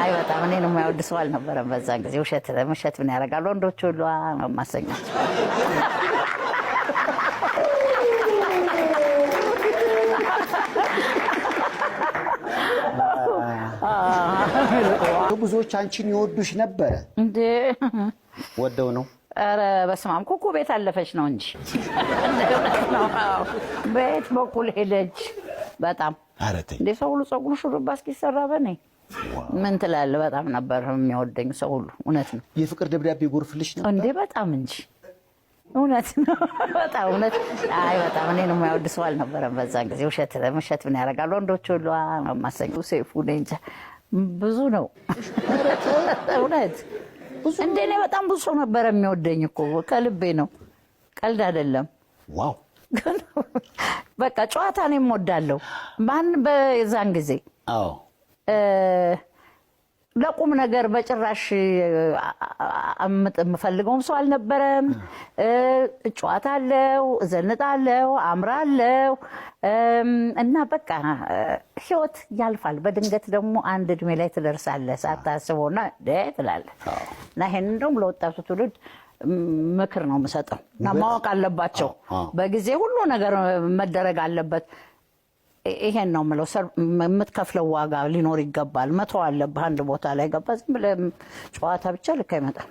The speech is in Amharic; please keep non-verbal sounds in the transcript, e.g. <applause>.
አይ በጣም እኔን የማይወድ ሰው አልነበረም በዛን ጊዜ። ውሸት ውሸት ምን ያደርጋል? ወንዶች ሁሉ ማሰኛቸው ብዙዎች አንቺን ይወዱሽ ነበረ እንዴ? ወደው ነው ኧረ በስመ አብ ኩኩ ቤት አለፈች ነው እንጂ <laughs> ቤት በኩል ሄደች በጣም እንደ ሰው ሁሉ ፀጉር ሹሩባ እስኪሰራ በኔ ምን ትላለህ? በጣም ነበር የሚወደኝ ሰው ሁሉ። እውነት ነው። የፍቅር ደብዳቤ ጎርፍልሽ ነው እንዴ? በጣም እንጂ እውነት ነው። <laughs> በጣም እውነት። አይ በጣም እኔን የማይወድ ሰው አልነበረም በዛን ጊዜ። ውሸት ውሸት ምን ያደርጋል? ወንዶች ሁሉ ማሰኝ ሴፉ እንጃ ብዙ ነው <laughs> እውነት። እንደ እኔ በጣም ብዙ ሰው ነበረ የሚወደኝ እኮ ከልቤ ነው፣ ቀልድ አይደለም። ዋው በቃ ጨዋታ ነው የምወዳለው። ማን በዛን ጊዜ አዎ ለቁም ነገር በጭራሽ የምፈልገውም ሰው አልነበረም። ጨዋታ አለው፣ ዘንጣ አለው፣ አምራ አለው እና በቃ ህይወት ያልፋል። በድንገት ደግሞ አንድ እድሜ ላይ ትደርሳለህ ሳታስበውና ትላለህ እና ይሄን እንደውም ለወጣቱ ትውልድ ምክር ነው የምሰጠው እና ማወቅ አለባቸው። በጊዜ ሁሉ ነገር መደረግ አለበት። ይሄን ነው የምለው። የምትከፍለው ዋጋ ሊኖር ይገባል። መተው አለብህ። አንድ ቦታ ላይ ገባ ዝም ብለህ ጨዋታ ብቻ ልክ አይመጣም።